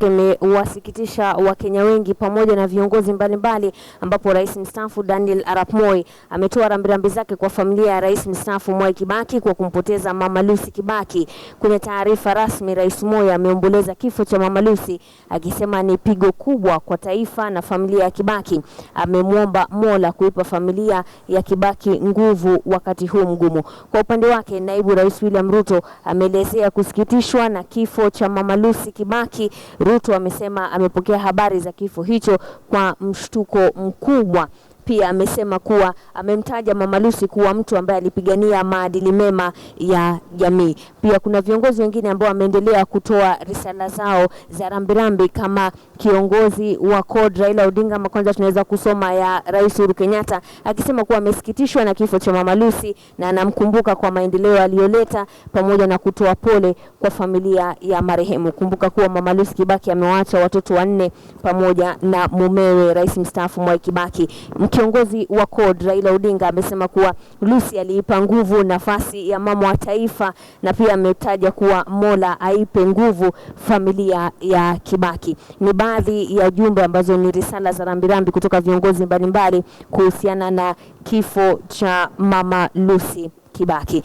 kimewasikitisha Wakenya wengi pamoja na viongozi mbalimbali mbali, ambapo Rais mstaafu Daniel Arap Moi ametoa rambirambi zake kwa familia ya Rais mstaafu Mwai Kibaki kwa kumpoteza Mama Lucy Kibaki. Kwenye taarifa rasmi, Rais Moi ameomboleza kifo cha Mama Lucy akisema ni pigo kubwa kwa taifa na familia ya Kibaki. Amemwomba Mola kuipa familia ya Kibaki nguvu wakati huu mgumu. Kwa upande wake, Naibu Rais William Ruto ameelezea kusikitishwa na kifo cha Mama Lucy Kibaki. Ruto amesema amepokea habari za kifo hicho kwa mshtuko mkubwa pia amesema kuwa amemtaja Mama Lucy kuwa mtu ambaye alipigania maadili mema ya jamii. Pia kuna viongozi wengine ambao wameendelea kutoa risala zao za rambirambi kama kiongozi wa CORD Raila Odinga Makonza, tunaweza kusoma ya Rais Uhuru Kenyatta akisema kuwa amesikitishwa na kifo cha Mama Lucy na anamkumbuka kwa maendeleo aliyoleta pamoja na kutoa pole kwa familia ya marehemu. Kumbuka kuwa Mama Lucy Kibaki amewaacha watoto wanne pamoja na mumewe Rais mstaafu Mwai Kibaki Mke Kiongozi wa CORD Raila Odinga amesema kuwa Lucy aliipa nguvu nafasi ya mama wa taifa na pia ametaja kuwa Mola aipe nguvu familia ya Kibaki. Ni baadhi ya jumbe ambazo ni risala za rambirambi kutoka viongozi mbalimbali kuhusiana na kifo cha mama Lucy Kibaki.